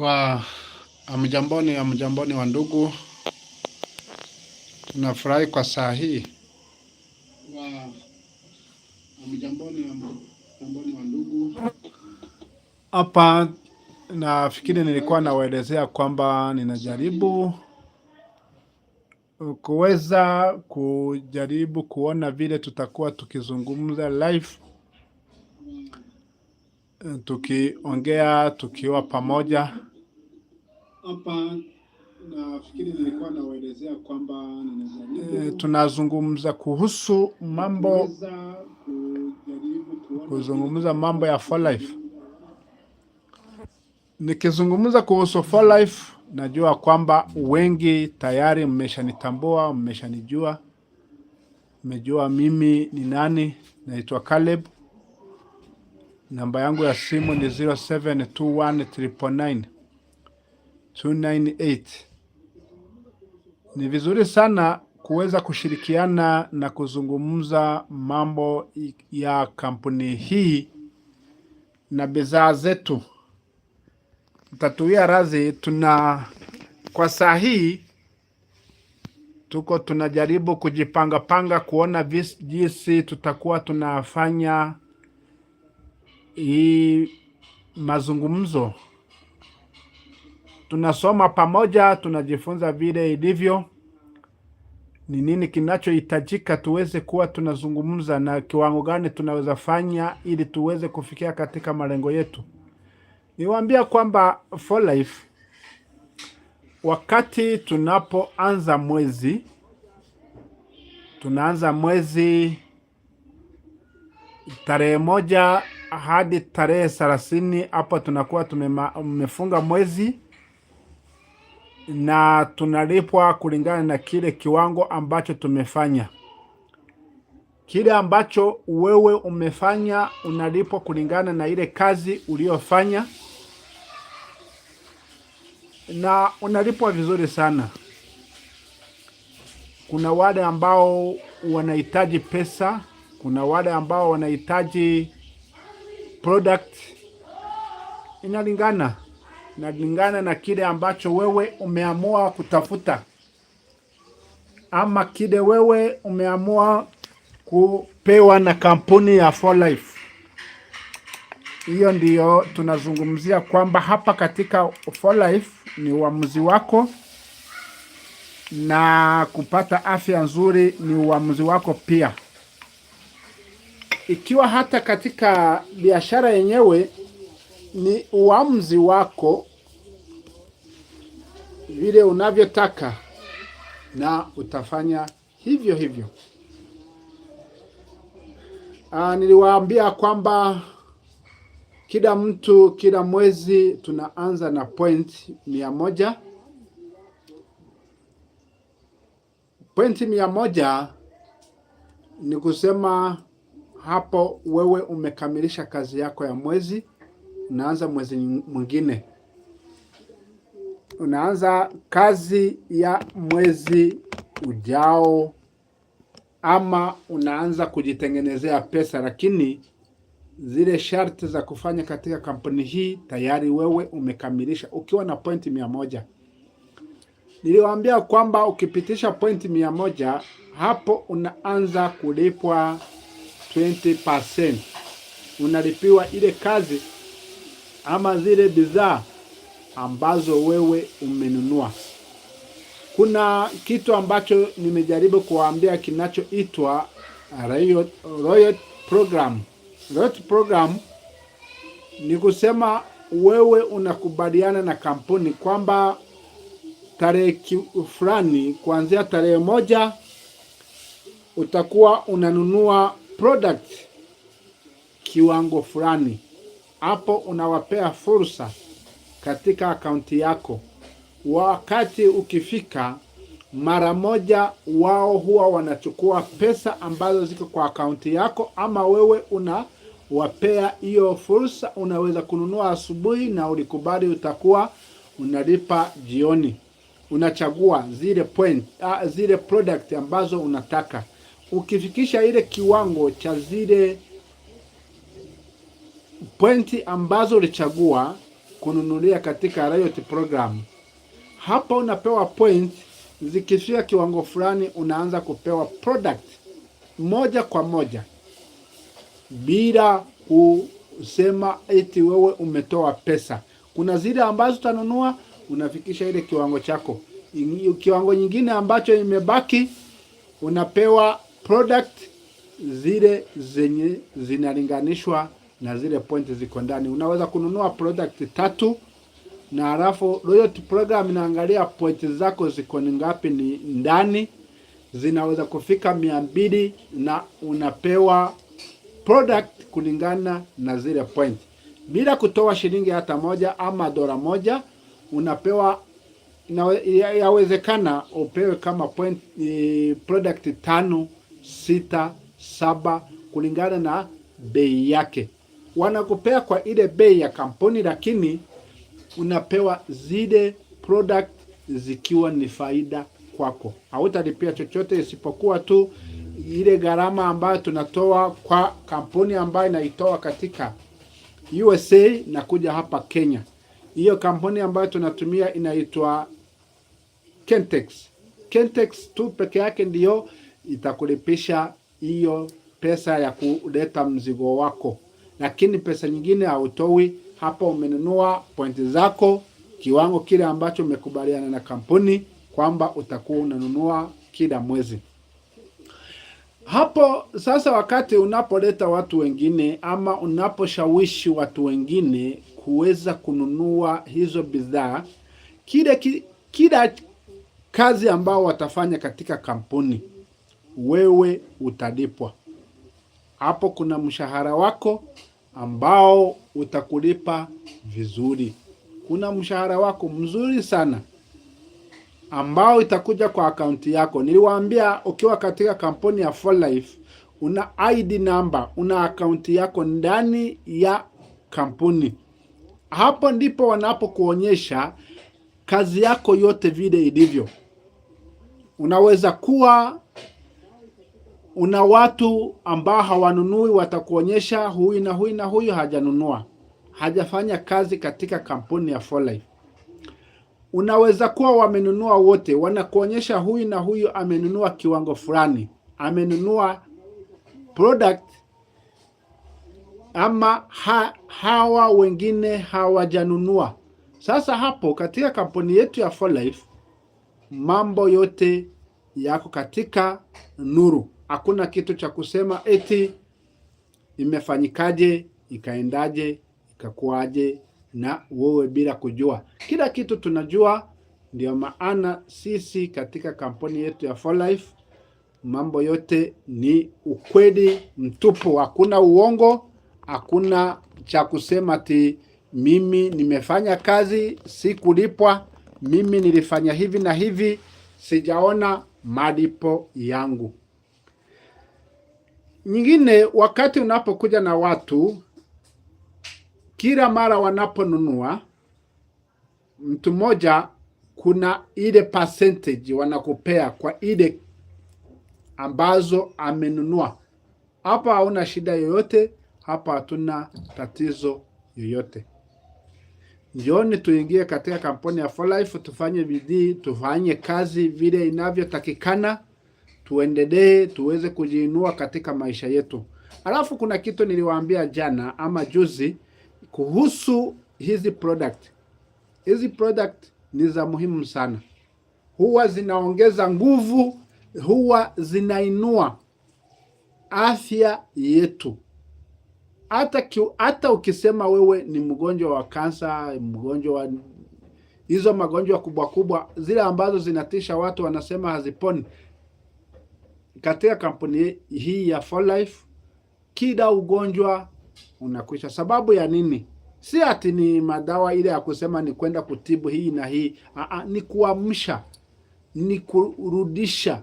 wa amjamboni, amjamboni wa ndugu, tunafurahi kwa saa hii wa amjamboni, amjamboni wa ndugu. Hapa nafikiri nilikuwa nawaelezea kwamba ninajaribu kuweza kujaribu kuona vile tutakuwa tukizungumza live tukiongea tukiwa pamoja hapa nafikiri nilikuwa nawaelezea kwamba e, tunazungumza kuhusu mambo kuzungumza mambo ya for life. Nikizungumza kuhusu for life, najua kwamba wengi tayari mmeshanitambua, mmeshanijua, mmejua mimi ni nani. Naitwa Caleb, namba yangu ya simu ni 0721999 298. Ni vizuri sana kuweza kushirikiana na kuzungumza mambo ya kampuni hii na bidhaa zetu. Tatuia razi tuna kwa saa hii tuko tunajaribu kujipangapanga kuona jinsi tutakuwa tunafanya hii mazungumzo tunasoma pamoja, tunajifunza vile ilivyo, ni nini kinachohitajika tuweze kuwa tunazungumza na kiwango gani tunaweza fanya ili tuweze kufikia katika malengo yetu. Niwaambia kwamba For Life, wakati tunapoanza mwezi, tunaanza mwezi tarehe moja hadi tarehe thelathini. Hapo tunakuwa tumefunga mwezi na tunalipwa kulingana na kile kiwango ambacho tumefanya. Kile ambacho wewe umefanya unalipwa kulingana na ile kazi uliyofanya, na unalipwa vizuri sana. Kuna wale ambao wanahitaji pesa, kuna wale ambao wanahitaji product, inalingana inalingana na kile ambacho wewe umeamua kutafuta ama kile wewe umeamua kupewa na kampuni ya For life Hiyo ndiyo tunazungumzia kwamba hapa katika For life ni uamuzi wako, na kupata afya nzuri ni uamuzi wako pia. Ikiwa hata katika biashara yenyewe ni uamuzi wako vile unavyotaka, na utafanya hivyo hivyo. Aa, ah, niliwaambia kwamba kila mtu kila mwezi tunaanza na point mia moja. point mia moja ni kusema hapo wewe umekamilisha kazi yako ya mwezi unaanza mwezi mwingine, unaanza kazi ya mwezi ujao, ama unaanza kujitengenezea pesa, lakini zile sharti za kufanya katika kampuni hii tayari wewe umekamilisha ukiwa na pointi mia moja. Niliwaambia kwamba ukipitisha pointi mia moja hapo unaanza kulipwa 20%, unalipiwa ile kazi ama zile bidhaa ambazo wewe umenunua. Kuna kitu ambacho nimejaribu kuwaambia kinachoitwa loyalty program. Loyalty program ni kusema wewe unakubaliana na kampuni kwamba tarehe fulani, kuanzia tarehe moja utakuwa unanunua product kiwango fulani hapo unawapea fursa katika akaunti yako. Wakati ukifika mara moja, wao huwa wanachukua pesa ambazo ziko kwa akaunti yako, ama wewe unawapea hiyo fursa. Unaweza kununua asubuhi na ulikubali utakuwa unalipa jioni. Unachagua zile point, ah, zile product ambazo unataka. Ukifikisha ile kiwango cha zile pointi ambazo ulichagua kununulia katika Riot program. Hapa unapewa point, zikifika kiwango fulani unaanza kupewa product moja kwa moja bila kusema eti wewe umetoa pesa. Kuna zile ambazo utanunua unafikisha ile kiwango chako, kiwango nyingine ambacho imebaki unapewa product zile zenye zinalinganishwa na zile pointi ziko ndani. Unaweza kununua product tatu na alafu loyalty program inaangalia pointi zako ziko ni ngapi, ni ndani zinaweza kufika mia mbili na unapewa product kulingana na zile point bila kutoa shilingi hata moja ama dola moja unapewa. Yawezekana upewe kama point, e, product tano, sita, saba kulingana na bei yake wanakupea kwa ile bei ya kampuni, lakini unapewa zile product zikiwa ni faida kwako. Hautalipia chochote isipokuwa tu ile gharama ambayo tunatoa kwa kampuni ambayo inaitoa katika USA na kuja hapa Kenya. Hiyo kampuni ambayo tunatumia inaitwa Kentex. Kentex tu peke yake ndiyo itakulipisha hiyo pesa ya kuleta mzigo wako lakini pesa nyingine hautoi. Hapa umenunua pointi zako kiwango kile ambacho umekubaliana na kampuni kwamba utakuwa unanunua kila mwezi. Hapo sasa, wakati unapoleta watu wengine ama unaposhawishi watu wengine kuweza kununua hizo bidhaa, kila kila kazi ambao watafanya katika kampuni wewe utalipwa. Hapo kuna mshahara wako ambao utakulipa vizuri. Kuna mshahara wako mzuri sana ambao itakuja kwa akaunti yako. Niliwaambia ukiwa katika kampuni ya 4Life una ID number, una akaunti yako ndani ya kampuni. Hapo ndipo wanapokuonyesha kazi yako yote vile ilivyo. Unaweza kuwa una watu ambao hawanunui, watakuonyesha huyu na huyu na huyu hajanunua, hajafanya kazi katika kampuni ya For Life. Unaweza kuwa wamenunua wote, wanakuonyesha huyu na huyu amenunua kiwango fulani, amenunua product ama ha, hawa wengine hawajanunua. Sasa hapo katika kampuni yetu ya For Life mambo yote yako katika nuru. Hakuna kitu cha kusema eti imefanyikaje, ikaendaje, ikakuaje na wewe bila kujua. Kila kitu tunajua. Ndio maana sisi katika kampuni yetu ya For life mambo yote ni ukweli mtupu, hakuna uongo, hakuna cha kusema ti mimi nimefanya kazi sikulipwa, mimi nilifanya hivi na hivi, sijaona malipo yangu nyingine, wakati unapokuja na watu, kila mara wanaponunua mtu mmoja, kuna ile percentage wanakupea kwa ile ambazo amenunua. Hapa hauna shida yoyote, hapa hatuna tatizo yoyote. Njoni tuingie katika kampuni ya For Life, tufanye bidii, tufanye kazi vile inavyotakikana tuendelee tuweze kujiinua katika maisha yetu. Alafu kuna kitu niliwaambia jana ama juzi kuhusu hizi product. Hizi product ni za muhimu sana, huwa zinaongeza nguvu, huwa zinainua afya yetu. Hata hata ukisema wewe ni mgonjwa wa kansa, mgonjwa wa hizo magonjwa kubwa kubwa zile ambazo zinatisha watu, wanasema haziponi katika kampuni hii ya For life kila ugonjwa unakwisha. Sababu ya nini? Si ati ni madawa ile ya kusema ni kwenda kutibu hii na hii aa, ni kuamsha, ni kurudisha,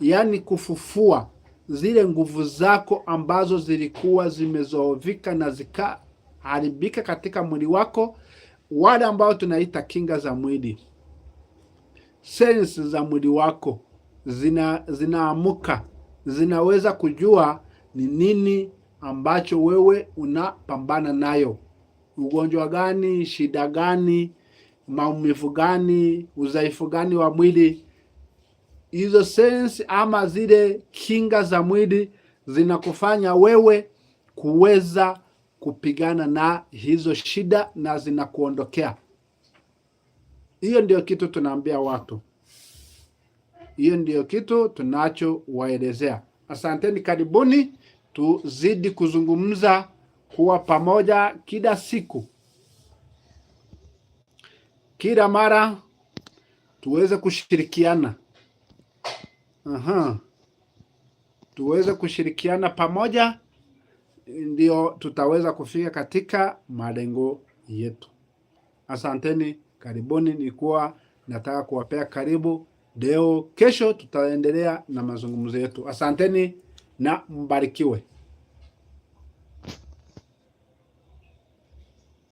yaani kufufua zile nguvu zako ambazo zilikuwa zimezoovika na zikaharibika katika mwili wako, wale ambao tunaita kinga za mwili, sensi za mwili wako zina zinaamuka, zinaweza kujua ni nini ambacho wewe unapambana nayo, ugonjwa gani, shida gani, maumivu gani, udhaifu gani wa mwili. Hizo sensi ama zile kinga za mwili zinakufanya wewe kuweza kupigana na hizo shida na zinakuondokea. Hiyo ndio kitu tunaambia watu. Hiyo ndiyo kitu tunachowaelezea. Asanteni, karibuni, tuzidi kuzungumza, kuwa pamoja kila siku, kila mara tuweze kushirikiana. Aha. Tuweze kushirikiana pamoja, ndio tutaweza kufika katika malengo yetu. Asanteni, karibuni. kuwa nataka kuwapea karibu Leo kesho tutaendelea na mazungumzo yetu. Asanteni na mbarikiwe.